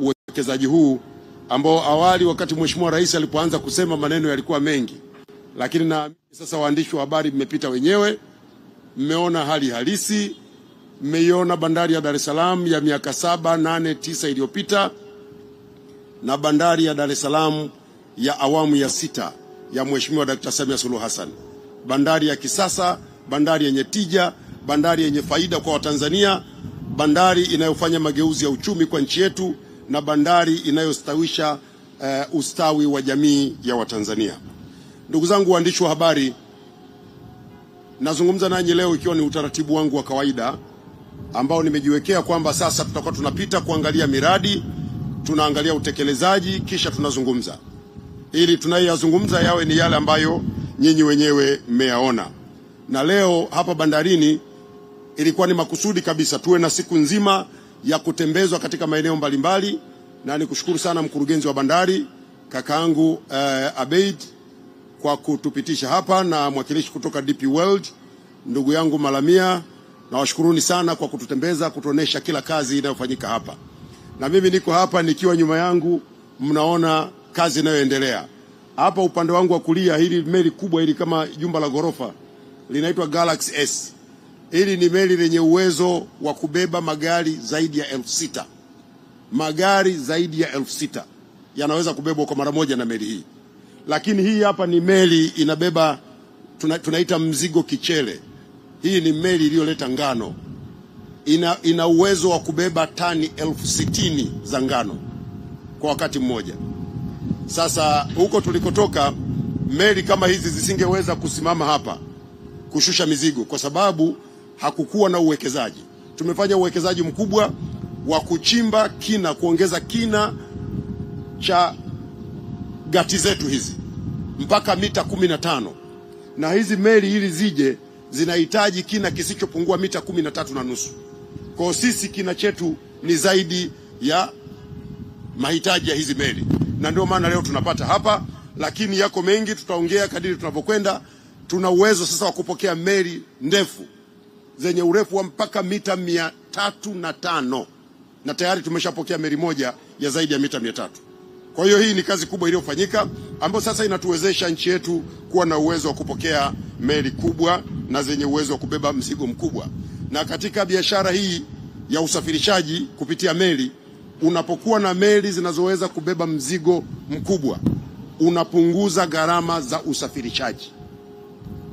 uwekezaji huu ambao awali wakati Mheshimiwa Rais alipoanza kusema maneno yalikuwa mengi, lakini naamini sasa waandishi wa habari mmepita wenyewe, mmeona hali halisi, mmeiona bandari ya Dar es Salaam ya miaka saba, nane, tisa iliyopita na bandari ya Dar es Salaam ya awamu ya sita ya Mheshimiwa Dkt. Samia Suluhu Hassan, bandari ya kisasa, bandari yenye tija, bandari yenye faida kwa Watanzania, bandari inayofanya mageuzi ya uchumi kwa nchi yetu na bandari inayostawisha uh, ustawi wa jamii ya Watanzania. Ndugu zangu waandishi wa habari, nazungumza nanyi leo ikiwa ni utaratibu wangu wa kawaida ambao nimejiwekea kwamba sasa tutakuwa tunapita kuangalia miradi, tunaangalia utekelezaji, kisha tunazungumza, ili tunayoyazungumza yawe ni yale ambayo nyinyi wenyewe mmeyaona. Na leo hapa bandarini ilikuwa ni makusudi kabisa tuwe na siku nzima ya kutembezwa katika maeneo mbalimbali, na nikushukuru sana mkurugenzi wa bandari kakaangu uh, Abeid kwa kutupitisha hapa na mwakilishi kutoka DP World ndugu yangu Malamia, nawashukuruni sana kwa kututembeza, kutuonesha kila kazi inayofanyika hapa, na mimi niko hapa nikiwa nyuma yangu mnaona kazi inayoendelea hapa upande wangu wa kulia. Hili meli kubwa hili kama jumba la ghorofa linaitwa Galaxy S. Hili ni meli lenye uwezo wa kubeba magari zaidi ya elfu sita. Magari zaidi ya elfu sita yanaweza kubebwa kwa mara moja na meli hii, lakini hii hapa ni meli inabeba tuna, tunaita mzigo kichele. Hii ni meli iliyoleta ngano, ina, ina uwezo wa kubeba tani elfu sitini za ngano kwa wakati mmoja. Sasa huko tulikotoka, meli kama hizi zisingeweza kusimama hapa kushusha mizigo kwa sababu hakukuwa na uwekezaji. Tumefanya uwekezaji mkubwa wa kuchimba kina, kuongeza kina cha gati zetu hizi mpaka mita kumi na tano na hizi meli ili zije zinahitaji kina kisichopungua mita kumi na tatu na nusu. Kwa sisi kina chetu ni zaidi ya mahitaji ya hizi meli, na ndio maana leo tunapata hapa, lakini yako mengi, tutaongea kadiri tunapokwenda Tuna uwezo sasa wa kupokea meli ndefu zenye urefu wa mpaka mita mia tatu na tano na tayari tumeshapokea meli moja ya zaidi ya mita mia tatu. Kwa hiyo hii ni kazi kubwa iliyofanyika ambayo sasa inatuwezesha nchi yetu kuwa na uwezo wa kupokea meli kubwa na zenye uwezo wa kubeba mzigo mkubwa. Na katika biashara hii ya usafirishaji kupitia meli, unapokuwa na meli zinazoweza kubeba mzigo mkubwa, unapunguza gharama za usafirishaji,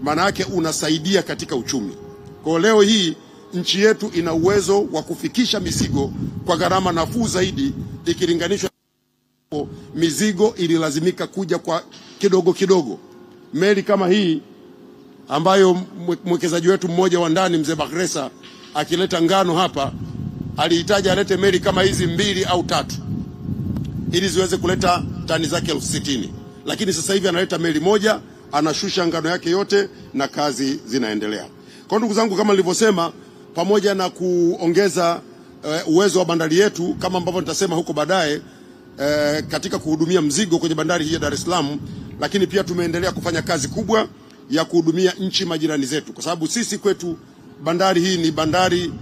maana yake unasaidia katika uchumi. Kwa leo hii nchi yetu ina uwezo wa kufikisha mizigo kwa gharama nafuu zaidi ikilinganishwa mizigo ililazimika kuja kwa kidogo kidogo. Meli kama hii ambayo mwekezaji wetu mmoja wa ndani mzee Bakresa akileta ngano hapa alihitaji alete meli kama hizi mbili au tatu ili ziweze kuleta tani zake elfu sitini lakini sasa hivi analeta meli moja, anashusha ngano yake yote na kazi zinaendelea. Kwa ndugu zangu, kama nilivyosema, pamoja na kuongeza uh, uwezo wa bandari yetu kama ambavyo nitasema huko baadaye uh, katika kuhudumia mzigo kwenye bandari hii ya Dar es Salaam, lakini pia tumeendelea kufanya kazi kubwa ya kuhudumia nchi majirani zetu, kwa sababu sisi kwetu bandari hii ni bandari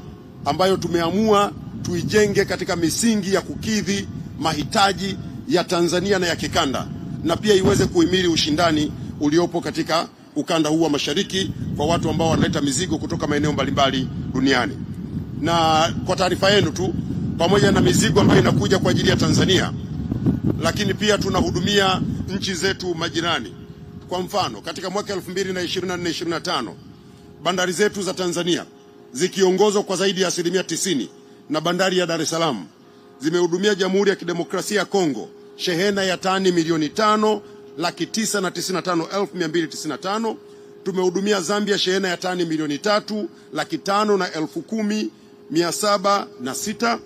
ambayo tumeamua tuijenge katika misingi ya kukidhi mahitaji ya Tanzania na ya kikanda na pia iweze kuhimili ushindani uliopo katika ukanda huu wa mashariki kwa watu ambao wanaleta mizigo kutoka maeneo mbalimbali duniani. Na kwa taarifa yenu tu, pamoja na mizigo ambayo inakuja kwa ajili ya Tanzania, lakini pia tunahudumia nchi zetu majirani. Kwa mfano, katika mwaka 2024 2025 bandari zetu za Tanzania zikiongozwa kwa zaidi ya asilimia 90 na bandari ya Dar es Salaam zimehudumia Jamhuri ya Kidemokrasia ya Kongo shehena ya tani milioni tano laki tisa na tisini na tano elfu mia mbili tisini na tano. Tumehudumia Zambia shehena ya tani milioni tatu laki tano na elfu kumi mia saba na sita.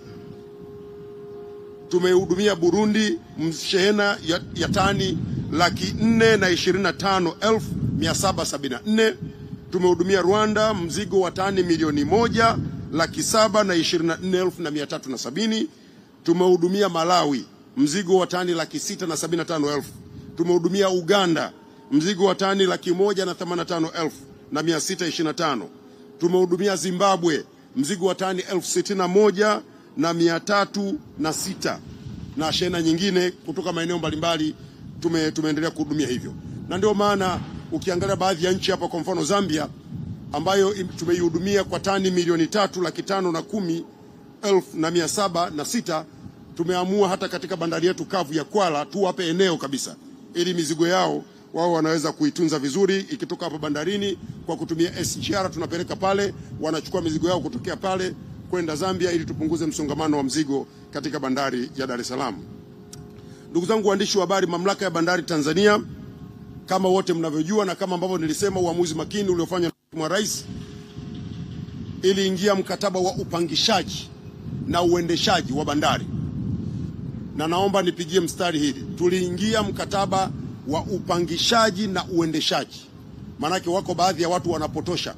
Tumehudumia Burundi shehena ya, ya tani laki nne na ishirini na tano elfu mia saba sabini na nne. Tumehudumia Rwanda mzigo wa tani milioni moja laki saba na ishirini na nne elfu na mia tatu na sabini. Tumehudumia Malawi mzigo wa tani laki sita na sabini na tano elfu tumehudumia Uganda mzigo wa tani laki moja na themanini na tano elfu na mia sita ishirini na tano. Tumehudumia Zimbabwe mzigo wa tani elfu sitini na moja na mia tatu na sita na shehena nyingine kutoka maeneo mbalimbali tume, tumeendelea kuhudumia hivyo, na ndio maana ukiangalia baadhi ya nchi hapa, kwa mfano Zambia ambayo tumeihudumia kwa tani milioni tatu laki tano na kumi elfu na mia saba na sita tumeamua hata katika bandari yetu kavu ya Kwala tuwape eneo kabisa ili mizigo yao wao wanaweza kuitunza vizuri. Ikitoka hapa bandarini kwa kutumia SGR tunapeleka pale, wanachukua mizigo yao kutokea pale kwenda Zambia ili tupunguze msongamano wa mzigo katika bandari ya Dar es Salaam. Ndugu zangu waandishi wa habari, mamlaka ya bandari Tanzania kama wote mnavyojua na kama ambavyo nilisema, uamuzi makini uliofanywa na Mheshimiwa Rais iliingia mkataba wa upangishaji na uendeshaji wa bandari na naomba nipigie mstari hili, tuliingia mkataba wa upangishaji na uendeshaji. Maanake wako baadhi ya watu wanapotosha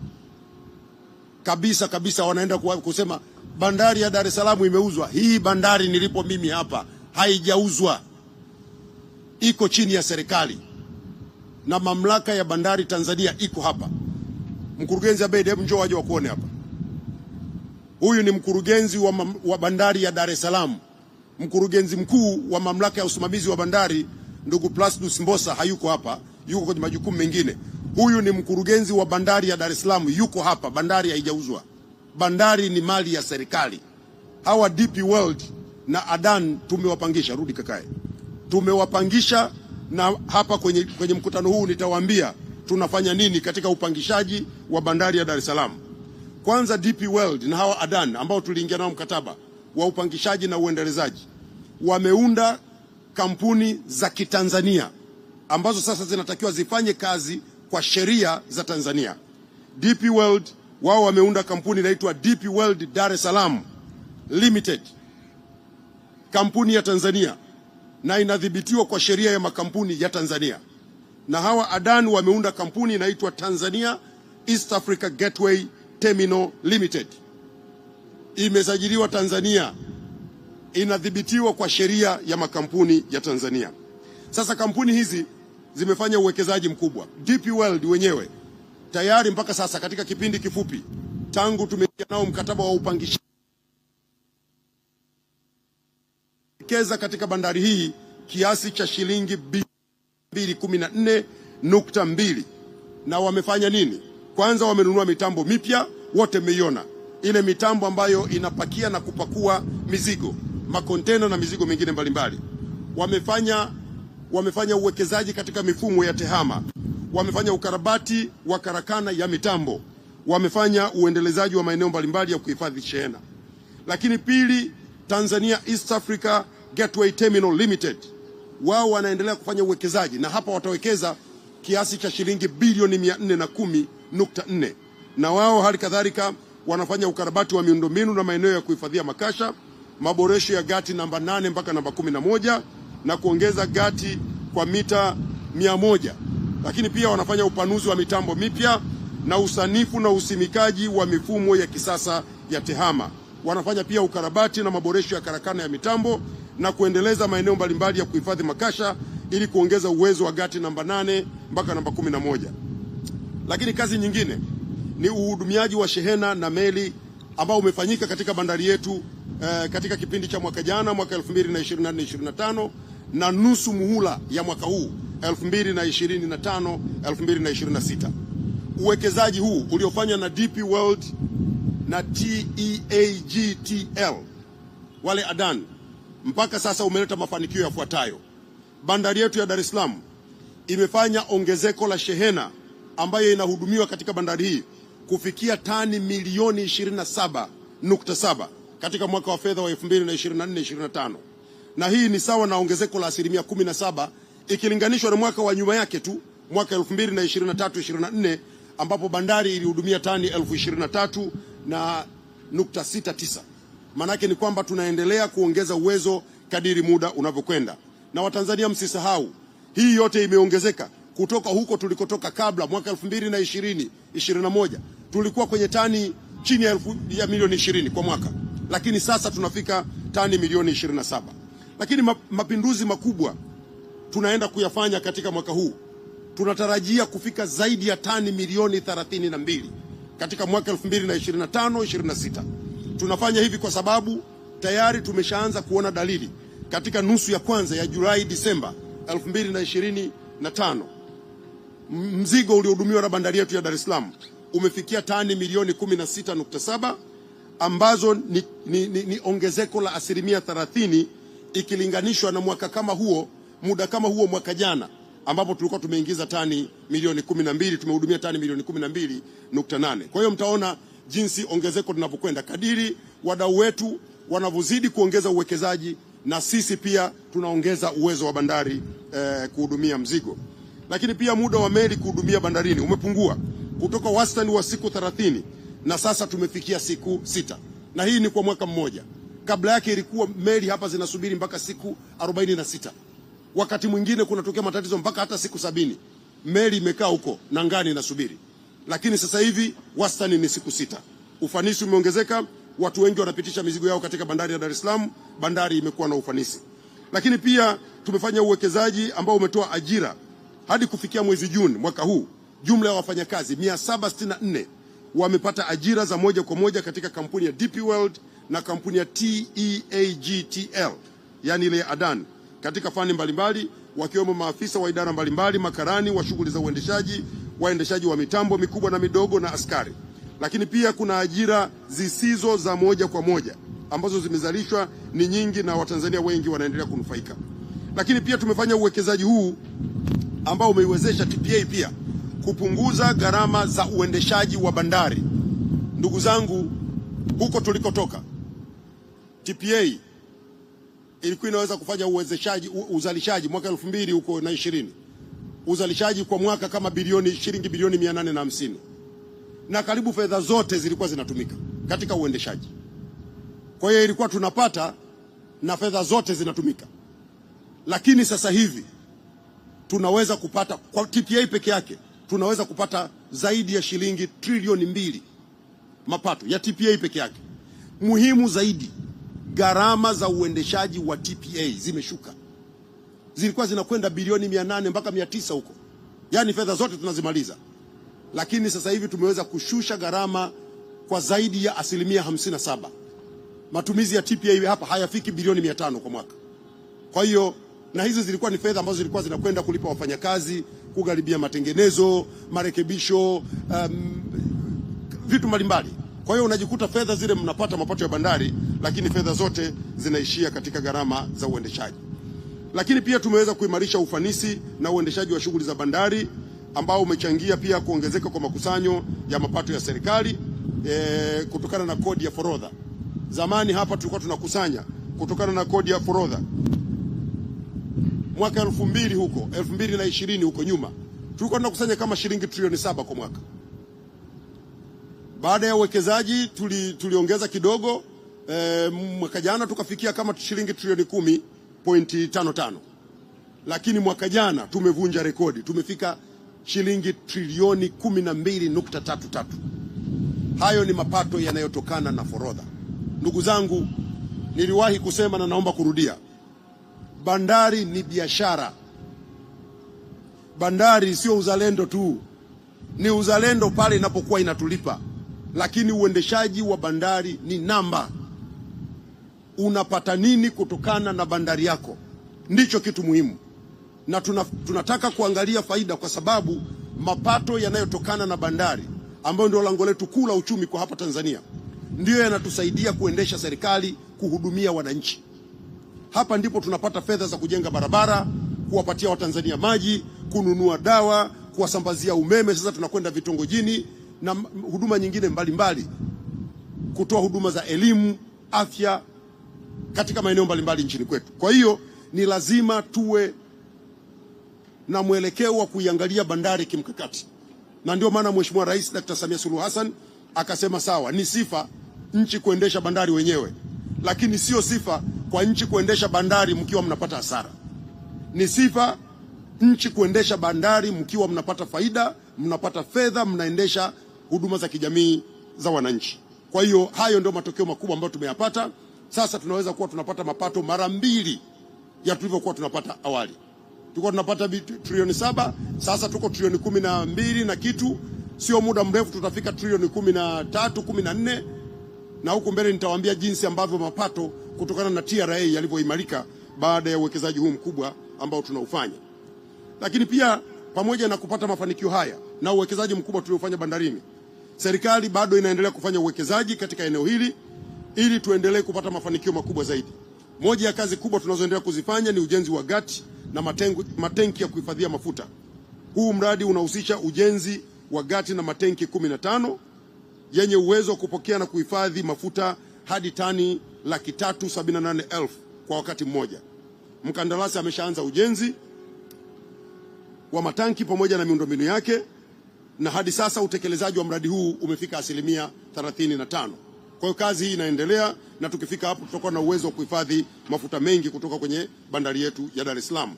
kabisa kabisa, wanaenda kusema bandari ya Dar es Salaam imeuzwa. Hii bandari nilipo mimi hapa haijauzwa, iko chini ya serikali na mamlaka ya bandari Tanzania iko hapa. Mkurugenzi Abeid, hebu njoo waje wakuone hapa. Huyu ni mkurugenzi wa, wa bandari ya Dar es Salaam mkurugenzi mkuu wa mamlaka ya usimamizi wa bandari ndugu Plasdus Mbosa hayuko hapa, yuko kwenye majukumu mengine. Huyu ni mkurugenzi wa bandari ya Dar es Salaam, yuko hapa. Bandari haijauzwa, bandari ni mali ya serikali. Hawa DP World na Adan tumewapangisha, rudi kakae, tumewapangisha na hapa kwenye, kwenye mkutano huu nitawaambia tunafanya nini katika upangishaji wa bandari ya Dar es Salaam. Kwanza DP World na hawa Adan ambao tuliingia nao mkataba wa upangishaji na uendelezaji wameunda kampuni za Kitanzania ambazo sasa zinatakiwa zifanye kazi kwa sheria za Tanzania. DP World wao wameunda kampuni inaitwa DP World Dar es Salaam Limited, kampuni ya Tanzania na inadhibitiwa kwa sheria ya makampuni ya Tanzania. Na hawa Adan wameunda kampuni inaitwa Tanzania East Africa Gateway Terminal Limited imesajiliwa Tanzania, inadhibitiwa kwa sheria ya makampuni ya Tanzania. Sasa kampuni hizi zimefanya uwekezaji mkubwa. DP World wenyewe tayari mpaka sasa katika kipindi kifupi tangu tumeingia nao mkataba wa upangishaji wamewekeza katika bandari hii kiasi cha shilingi bilioni 214.2 na wamefanya nini? Kwanza wamenunua mitambo mipya, wote mmeiona ile mitambo ambayo inapakia na kupakua mizigo, makontena na mizigo mingine mbalimbali. Wamefanya, wamefanya uwekezaji katika mifumo ya tehama, wamefanya ukarabati wa karakana ya mitambo, wamefanya uendelezaji wa maeneo mbalimbali ya kuhifadhi shehena. Lakini pili, Tanzania East Africa Gateway Terminal Limited wao wanaendelea kufanya uwekezaji na hapa watawekeza kiasi cha shilingi bilioni 410.4 na wao hali kadhalika wanafanya ukarabati wa miundombinu na maeneo ya kuhifadhia makasha, maboresho ya gati namba nane mpaka namba kumi na moja na kuongeza gati kwa mita mia moja lakini pia wanafanya upanuzi wa mitambo mipya na usanifu na usimikaji wa mifumo ya kisasa ya tehama. Wanafanya pia ukarabati na maboresho ya karakana ya mitambo na kuendeleza maeneo mbalimbali ya kuhifadhi makasha ili kuongeza uwezo wa gati namba nane mpaka namba kumi na moja. Lakini kazi nyingine ni uhudumiaji wa shehena na meli ambao umefanyika katika bandari yetu eh, katika kipindi cha mwaka jana mwaka 2024 2025 na nusu muhula ya mwaka huu 2025 2026. Uwekezaji huu uliofanywa na DP World na TEAGTL wale Adan mpaka sasa umeleta mafanikio yafuatayo. Bandari yetu ya Dar es Salaam imefanya ongezeko la shehena ambayo inahudumiwa katika bandari hii kufikia tani milioni 27.7 katika mwaka wa fedha wa 2024 2025 na hii ni sawa na ongezeko la asilimia 17 ikilinganishwa na mwaka wa nyuma yake tu mwaka 2023/24 ambapo bandari ilihudumia tani elfu 23 na nukta sita tisa. Maanake ni kwamba tunaendelea kuongeza uwezo kadiri muda unavyokwenda, na Watanzania msisahau, hii yote imeongezeka kutoka huko tulikotoka kabla mwaka elfu mbili na ishirini 2021 tulikuwa kwenye tani chini ya, elfu, ya milioni 20 kwa mwaka, lakini sasa tunafika tani milioni 27. Lakini mapinduzi makubwa tunaenda kuyafanya katika mwaka huu, tunatarajia kufika zaidi ya tani milioni 32 katika mwaka 2025 26. Tunafanya hivi kwa sababu tayari tumeshaanza kuona dalili katika nusu ya kwanza ya Julai Disemba 2025 na mzigo uliohudumiwa na bandari yetu ya Dar es Salaam umefikia tani milioni 16.7 ambazo ni, ni, ni, ni ongezeko la asilimia 30 ikilinganishwa na mwaka kama huo muda kama huo mwaka jana ambapo tulikuwa tumeingiza tani milioni 12, tumehudumia tani milioni 12.8. Kwa hiyo mtaona jinsi ongezeko linapokwenda kadiri wadau wetu wanavyozidi kuongeza uwekezaji na sisi pia tunaongeza uwezo wa bandari eh, kuhudumia mzigo lakini pia muda wa meli kuhudumia bandarini umepungua kutoka wastani wa siku 30 na sasa tumefikia siku sita, na hii ni kwa mwaka mmoja. Kabla yake ilikuwa meli hapa zinasubiri mpaka siku 46, wakati mwingine kunatokea matatizo mpaka hata siku sabini meli imekaa huko na ngani inasubiri, lakini sasa hivi wastani ni siku sita. Ufanisi umeongezeka, watu wengi wanapitisha mizigo yao katika bandari ya Dar es Salaam, bandari imekuwa na ufanisi. Lakini pia tumefanya uwekezaji ambao umetoa ajira hadi kufikia mwezi Juni mwaka huu, jumla ya wafanyakazi 764 wamepata ajira za moja kwa moja katika kampuni ya DP World na kampuni ya TEAGTL, yani ile ya Adan, katika fani mbalimbali, wakiwemo maafisa wa idara mbalimbali, makarani wa shughuli za uendeshaji, waendeshaji wa mitambo mikubwa na midogo na askari. Lakini pia kuna ajira zisizo za moja kwa moja ambazo zimezalishwa ni nyingi na Watanzania wengi wanaendelea kunufaika. Lakini pia tumefanya uwekezaji huu ambao umeiwezesha TPA pia kupunguza gharama za uendeshaji wa bandari. Ndugu zangu, huko tulikotoka TPA ilikuwa inaweza kufanya uwezeshaji uzalishaji mwaka elfu mbili huko na ishirini uzalishaji kwa mwaka kama bilioni shilingi bilioni mia nane na hamsini na karibu fedha zote zilikuwa zinatumika katika uendeshaji. Kwa hiyo ilikuwa tunapata na fedha zote zinatumika, lakini sasa hivi tunaweza kupata kwa TPA peke yake tunaweza kupata zaidi ya shilingi trilioni mbili mapato ya TPA peke yake. Muhimu zaidi, gharama za uendeshaji wa TPA zimeshuka, zilikuwa zinakwenda bilioni mia nane mpaka mia tisa huko, yaani fedha zote tunazimaliza, lakini sasa hivi tumeweza kushusha gharama kwa zaidi ya asilimia 57. Matumizi ya TPA hapa hayafiki bilioni mia tano kwa mwaka, kwa hiyo na hizi zilikuwa ni fedha ambazo zilikuwa zinakwenda kulipa wafanyakazi, kugharibia matengenezo, marekebisho, um, vitu mbalimbali. Kwa hiyo unajikuta fedha zile mnapata mapato ya bandari, lakini fedha zote zinaishia katika gharama za uendeshaji. Lakini pia tumeweza kuimarisha ufanisi na uendeshaji wa shughuli za bandari ambao umechangia pia kuongezeka kwa makusanyo ya mapato ya serikali e, kutokana na kodi ya forodha. Zamani hapa tulikuwa tunakusanya kutokana na kodi ya forodha mwaka elfu mbili huko elfu mbili na ishirini huko nyuma tulikuwa tunakusanya kama shilingi trilioni saba kwa mwaka. Baada ya uwekezaji tuli, tuliongeza kidogo e, mwaka jana tukafikia kama shilingi trilioni kumi pointi tano tano, lakini mwaka jana tumevunja rekodi, tumefika shilingi trilioni kumi na mbili nukta tatu tatu. Hayo ni mapato yanayotokana na forodha. Ndugu zangu, niliwahi kusema na naomba kurudia bandari ni biashara. Bandari sio uzalendo tu, ni uzalendo pale inapokuwa inatulipa, lakini uendeshaji wa bandari ni namba. Unapata nini kutokana na bandari yako? Ndicho kitu muhimu, na tuna, tunataka kuangalia faida, kwa sababu mapato yanayotokana na bandari ambayo ndio lango letu kuu la uchumi kwa hapa Tanzania ndiyo yanatusaidia kuendesha serikali, kuhudumia wananchi. Hapa ndipo tunapata fedha za kujenga barabara, kuwapatia Watanzania maji, kununua dawa, kuwasambazia umeme. Sasa tunakwenda vitongojini na huduma nyingine mbalimbali mbali, kutoa huduma za elimu, afya katika maeneo mbalimbali nchini kwetu. Kwa hiyo ni lazima tuwe na mwelekeo wa kuiangalia bandari kimkakati, na ndio maana Mheshimiwa Rais Dr. Samia Suluhu Hassan akasema sawa, ni sifa nchi kuendesha bandari wenyewe, lakini sio sifa kwa nchi kuendesha bandari mkiwa mnapata hasara. Ni sifa nchi kuendesha bandari mkiwa mnapata faida, mnapata fedha, mnaendesha huduma za kijamii za wananchi. Kwa hiyo hayo ndio matokeo makubwa ambayo tumeyapata. Sasa tunaweza kuwa tunapata mapato mara mbili ya tulivyokuwa tunapata awali. Tulikuwa tunapata trilioni saba, sasa tuko trilioni kumi na mbili na kitu. Sio muda mrefu tutafika trilioni kumi na tatu, kumi na nne na huku mbele nitawaambia jinsi ambavyo mapato kutokana na TRA yalivyoimarika baada ya uwekezaji huu mkubwa ambao tunaufanya. Lakini pia pamoja na kupata mafanikio haya na uwekezaji mkubwa tuliofanya bandarini, serikali bado inaendelea kufanya uwekezaji katika eneo hili ili tuendelee kupata mafanikio makubwa zaidi. Moja ya kazi kubwa tunazoendelea kuzifanya ni ujenzi wa gati na matengu, matenki ya kuhifadhia mafuta. Huu mradi unahusisha ujenzi wa gati na matenki kumi na tano yenye uwezo wa kupokea na kuhifadhi mafuta hadi tani laki tatu sabini na nane elfu kwa wakati mmoja. Mkandarasi ameshaanza ujenzi wa matanki pamoja na miundombinu yake, na hadi sasa utekelezaji wa mradi huu umefika asilimia 35. Kwa hiyo kazi hii inaendelea, na tukifika hapo tutakuwa na uwezo wa kuhifadhi mafuta mengi kutoka kwenye bandari yetu ya Dar es Salaam.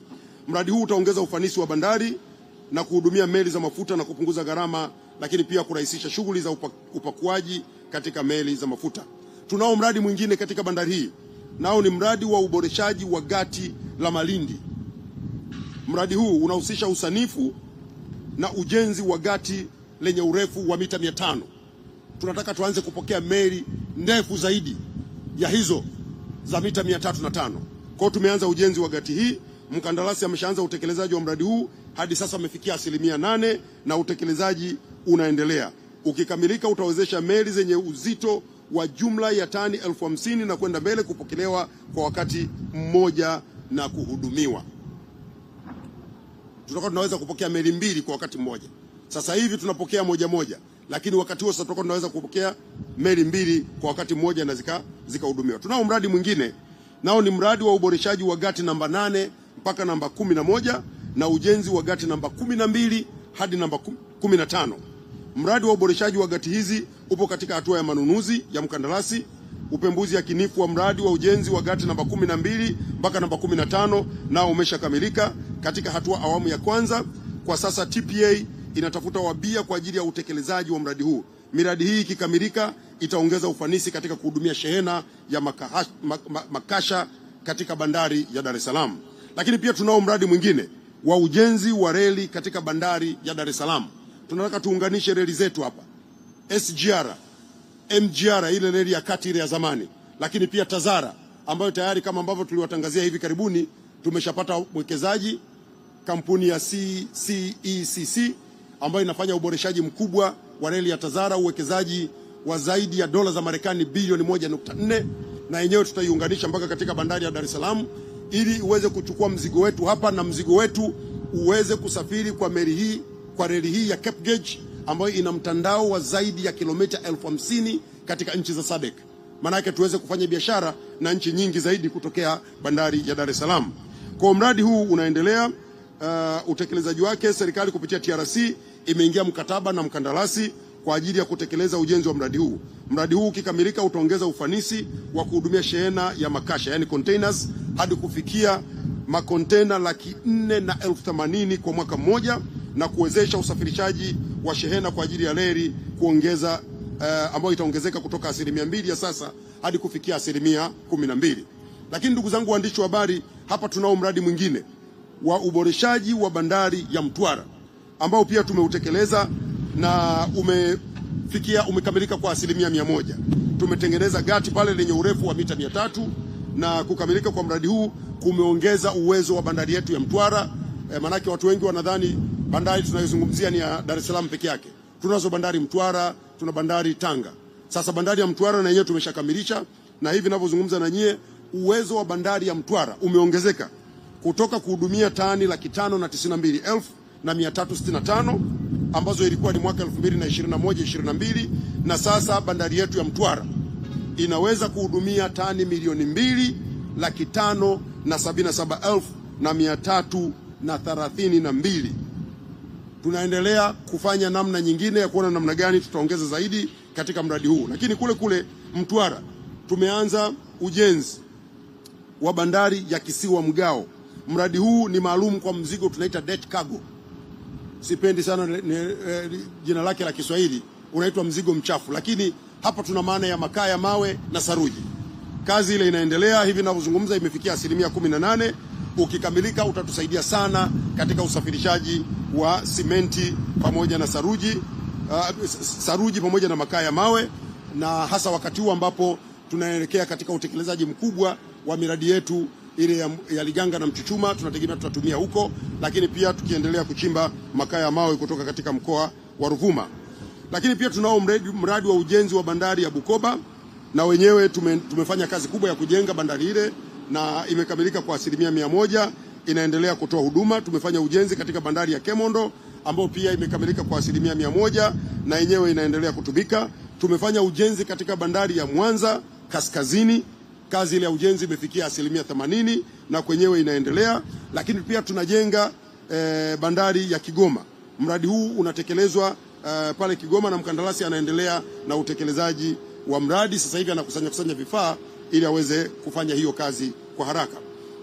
Mradi huu utaongeza ufanisi wa bandari na kuhudumia meli za mafuta na kupunguza gharama, lakini pia kurahisisha shughuli za upakuaji katika meli za mafuta. Tunao mradi mwingine katika bandari hii, nao ni mradi wa uboreshaji wa gati la Malindi. Mradi huu unahusisha usanifu na ujenzi wa gati lenye urefu wa mita mia tano. Tunataka tuanze kupokea meli ndefu zaidi ya hizo za mita mia tatu na tano. Kwa tumeanza ujenzi wa gati hii, mkandarasi ameshaanza utekelezaji wa mradi huu hadi sasa wamefikia asilimia nane na utekelezaji unaendelea. Ukikamilika utawezesha meli zenye uzito wa jumla ya tani elfu hamsini na kwenda mbele kupokelewa kwa wakati mmoja na kuhudumiwa. Tutakuwa tunaweza kupokea meli mbili kwa wakati mmoja. Sasa hivi tunapokea moja moja, lakini wakati huo sasa tutakuwa tunaweza kupokea meli mbili kwa wakati mmoja na zikahudumiwa. tunao mradi mwingine nao ni mradi wa uboreshaji wa gati namba nane mpaka namba kumi na moja na ujenzi wa gati namba kumi na mbili hadi namba kumi na tano. Mradi wa uboreshaji wa gati hizi upo katika hatua ya manunuzi ya mkandarasi. Upembuzi yakinifu wa mradi wa ujenzi wa gati namba kumi na mbili mpaka namba kumi na tano nao umeshakamilika katika hatua awamu ya kwanza. Kwa sasa TPA inatafuta wabia kwa ajili ya utekelezaji wa mradi huu. Miradi hii ikikamilika itaongeza ufanisi katika kuhudumia shehena ya mak, makasha katika bandari ya Dar es Salaam. Lakini pia tunao mradi mwingine wa ujenzi wa reli katika bandari ya Dar es Salaam. Tunataka tuunganishe reli zetu hapa SGR, MGR, ile reli ya kati ile ya zamani, lakini pia TAZARA ambayo tayari kama ambavyo tuliwatangazia hivi karibuni tumeshapata mwekezaji kampuni ya CCECC e ambayo inafanya uboreshaji mkubwa wa reli ya TAZARA, uwekezaji wa zaidi ya dola za Marekani bilioni 1.4 na yenyewe tutaiunganisha mpaka katika bandari ya Dar es Salaam ili uweze kuchukua mzigo wetu hapa na mzigo wetu uweze kusafiri kwa meli hii, kwa reli hii ya Cape Gauge ambayo ina mtandao wa zaidi ya kilomita elfu hamsini katika nchi za SADC. yake tuweze kufanya biashara na nchi nyingi zaidi kutokea bandari ya Dar es Salaam. Kwa mradi huu unaendelea. Uh, utekelezaji wake serikali kupitia TRC imeingia mkataba na mkandarasi kwa ajili ya kutekeleza ujenzi wa mradi huu. Mradi huu ukikamilika utaongeza ufanisi wa kuhudumia shehena ya makasha yani containers hadi kufikia makontena laki nne na elfu themanini kwa mwaka mmoja na kuwezesha usafirishaji wa shehena kwa ajili ya reli kuongeza uh, ambayo itaongezeka kutoka asilimia mbili ya sasa hadi kufikia asilimia kumi na mbili. Lakini ndugu zangu waandishi wa habari, hapa tunao mradi mwingine wa uboreshaji wa bandari ya Mtwara ambao pia tumeutekeleza na umefikia umekamilika kwa asilimia mia moja. Tumetengeneza gati pale lenye urefu wa mita mia tatu na kukamilika kwa mradi huu kumeongeza uwezo wa bandari yetu ya Mtwara. E, eh, maanake watu wengi wanadhani bandari tunayozungumzia ni ya Dar es Salaam peke yake. Tunazo bandari Mtwara, tuna bandari Tanga. Sasa bandari ya Mtwara na yenyewe tumeshakamilisha, na hivi ninavyozungumza na nyie, uwezo wa bandari ya Mtwara umeongezeka kutoka kuhudumia tani laki tano na tisini na mbili elfu na mia tatu sitini na tano ambazo ilikuwa ni mwaka 2021 22, na sasa bandari yetu ya Mtwara inaweza kuhudumia tani milioni mbili laki tano na sabini na saba elfu na mia tatu na thelathini na mbili. Tunaendelea kufanya namna nyingine ya kuona namna gani tutaongeza zaidi katika mradi huu, lakini kule kule Mtwara tumeanza ujenzi wa bandari ya kisiwa Mgao. Mradi huu ni maalum kwa mzigo tunaita dead cargo sipendi sana ne, jina lake la Kiswahili unaitwa mzigo mchafu, lakini hapa tuna maana ya makaa ya mawe na saruji. Kazi ile inaendelea hivi ninavyozungumza, imefikia asilimia kumi na nane. Ukikamilika utatusaidia sana katika usafirishaji wa simenti pamoja na saruji, uh, saruji pamoja na makaa ya mawe, na hasa wakati huu ambapo tunaelekea katika utekelezaji mkubwa wa miradi yetu ile ya, ya Liganga na Mchuchuma tunategemea tutatumia huko, lakini pia tukiendelea kuchimba makaa ya mawe kutoka katika mkoa wa Ruvuma. Lakini pia tunao mradi, mradi wa ujenzi wa bandari ya Bukoba na wenyewe tume, tumefanya kazi kubwa ya kujenga bandari ile na imekamilika kwa asilimia mia moja inaendelea kutoa huduma. Tumefanya ujenzi katika bandari ya Kemondo ambayo pia imekamilika kwa asilimia mia moja na yenyewe inaendelea kutumika. Tumefanya ujenzi katika bandari ya Mwanza kaskazini kazi ile ya ujenzi imefikia asilimia 80 na kwenyewe inaendelea, lakini pia tunajenga e, bandari ya Kigoma. Mradi huu unatekelezwa e, pale Kigoma na mkandarasi anaendelea na utekelezaji wa mradi, sasa hivi anakusanya kusanya vifaa ili aweze kufanya hiyo kazi kwa haraka.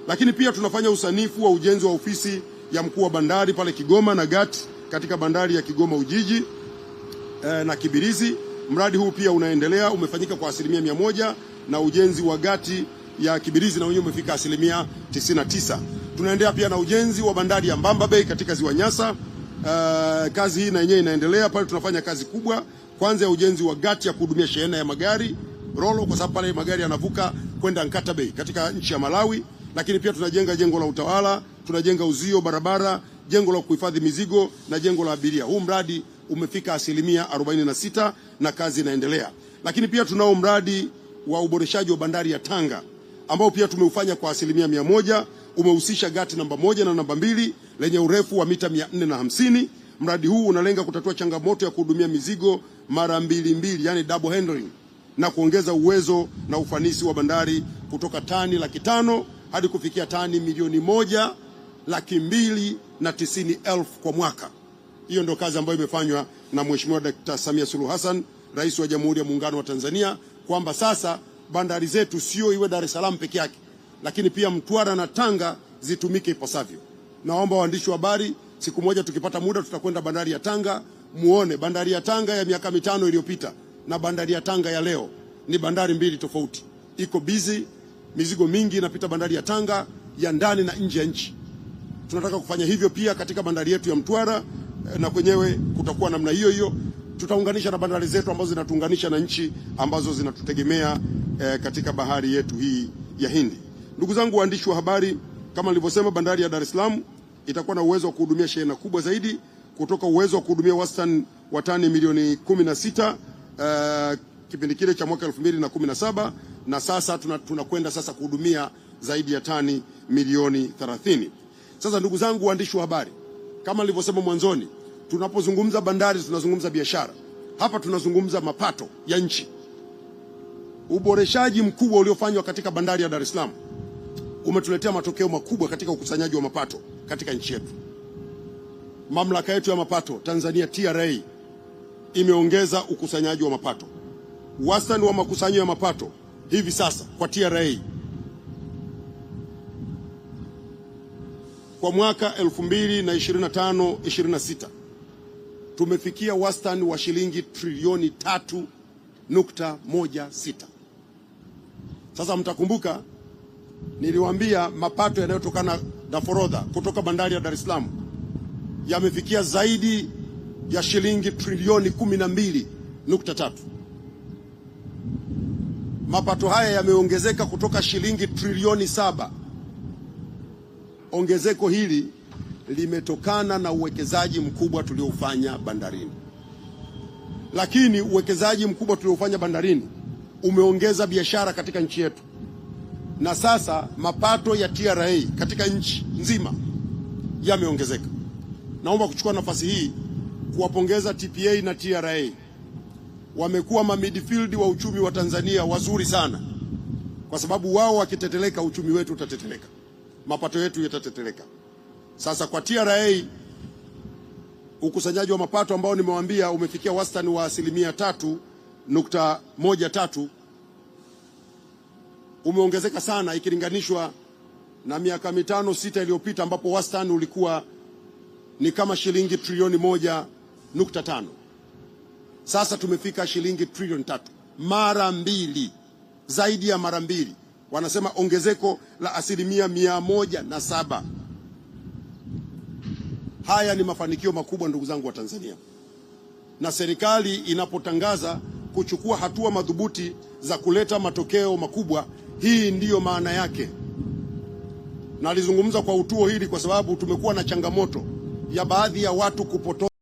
Lakini pia tunafanya usanifu wa ujenzi wa ofisi ya mkuu wa bandari pale Kigoma na GAT katika bandari ya Kigoma Ujiji e, na Kibirizi. Mradi huu pia unaendelea, umefanyika kwa asilimia mia moja na ujenzi wa gati ya Kibirizi na wenyewe umefika asilimia 99. Tunaendelea pia na ujenzi wa bandari ya Mbamba Bay katika ziwa Nyasa. Uh, kazi hii na yenyewe inaendelea pale, tunafanya kazi kubwa kwanza ya ujenzi wa gati ya kuhudumia shehena ya magari Rolo, kwa sababu pale magari yanavuka kwenda Nkata Bay katika nchi ya Malawi, lakini pia tunajenga jengo la utawala, tunajenga uzio barabara, jengo la kuhifadhi mizigo na jengo la abiria. Huu mradi umefika asilimia 46 na kazi inaendelea, lakini pia tunao mradi wa uboreshaji wa bandari ya Tanga ambao pia tumeufanya kwa asilimia mia moja. Umehusisha gati namba moja na namba mbili lenye urefu wa mita mia nne na hamsini. Mradi huu unalenga kutatua changamoto ya kuhudumia mizigo mara mbili mbili, yani double handling, na kuongeza uwezo na ufanisi wa bandari kutoka tani laki tano hadi kufikia tani milioni moja laki mbili na tisini elfu kwa mwaka. Hiyo ndio kazi ambayo imefanywa na Mheshimiwa Dkt. Samia Suluhu Hassan, Rais wa Jamhuri ya Muungano wa Tanzania kwamba sasa bandari zetu sio iwe Dar es Salaam peke yake, lakini pia Mtwara na Tanga zitumike ipasavyo. Naomba waandishi wa habari, siku moja tukipata muda, tutakwenda bandari ya Tanga muone bandari ya Tanga ya miaka mitano iliyopita na bandari ya Tanga ya leo ni bandari mbili tofauti, iko busy, mizigo mingi inapita bandari ya Tanga ya ndani na nje ya nchi. Tunataka kufanya hivyo pia katika bandari yetu ya Mtwara eh, na kwenyewe kutakuwa namna hiyo hiyo tutaunganisha na bandari zetu ambazo zinatuunganisha na nchi ambazo zinatutegemea eh, katika bahari yetu hii ya Hindi. Ndugu zangu waandishi wa habari, kama nilivyosema, bandari ya Dar es Salaam itakuwa na uwezo wa kuhudumia shehena kubwa zaidi kutoka uwezo wa kuhudumia wastani wa tani milioni 16 uh, eh, kipindi kile cha mwaka 2017 na sasa tunakwenda tuna sasa kuhudumia zaidi ya tani milioni 30. Sasa ndugu zangu waandishi wa habari, kama nilivyosema mwanzoni Tunapozungumza bandari, tunazungumza biashara hapa, tunazungumza mapato ya nchi. Uboreshaji mkubwa uliofanywa katika bandari ya Dar es Salaam umetuletea matokeo makubwa katika ukusanyaji wa mapato katika nchi yetu. Mamlaka yetu ya mapato Tanzania TRA imeongeza ukusanyaji wa mapato. Wastani wa makusanyo ya mapato hivi sasa kwa TRA kwa mwaka 2025 26 tumefikia wastani wa shilingi trilioni tatu nukta sita. Sasa mtakumbuka niliwaambia mapato yanayotokana na forodha kutoka bandari ya Dar es Salaam yamefikia zaidi ya shilingi trilioni mbili nukta tatu Mapato haya yameongezeka kutoka shilingi trilioni saba. Ongezeko hili limetokana na uwekezaji mkubwa tuliofanya bandarini, lakini uwekezaji mkubwa tuliofanya bandarini umeongeza biashara katika nchi yetu, na sasa mapato ya TRA katika nchi nzima yameongezeka. Naomba kuchukua nafasi hii kuwapongeza TPA na TRA, wamekuwa mamidfield wa uchumi wa Tanzania wazuri sana, kwa sababu wao wakiteteleka, uchumi wetu utateteleka, mapato yetu yatateteleka. Sasa kwa TRA ukusanyaji wa mapato ambao nimewaambia umefikia wastani wa asilimia tatu nukta moja tatu umeongezeka sana ikilinganishwa na miaka mitano sita iliyopita ambapo wastani ulikuwa ni kama shilingi trilioni moja nukta tano. Sasa tumefika shilingi trilioni tatu, mara mbili, zaidi ya mara mbili. Wanasema ongezeko la asilimia mia moja na saba. Haya ni mafanikio makubwa ndugu zangu wa Tanzania, na serikali inapotangaza kuchukua hatua madhubuti za kuleta matokeo makubwa, hii ndiyo maana yake. Nalizungumza kwa utuo hili kwa sababu tumekuwa na changamoto ya baadhi ya watu kupoto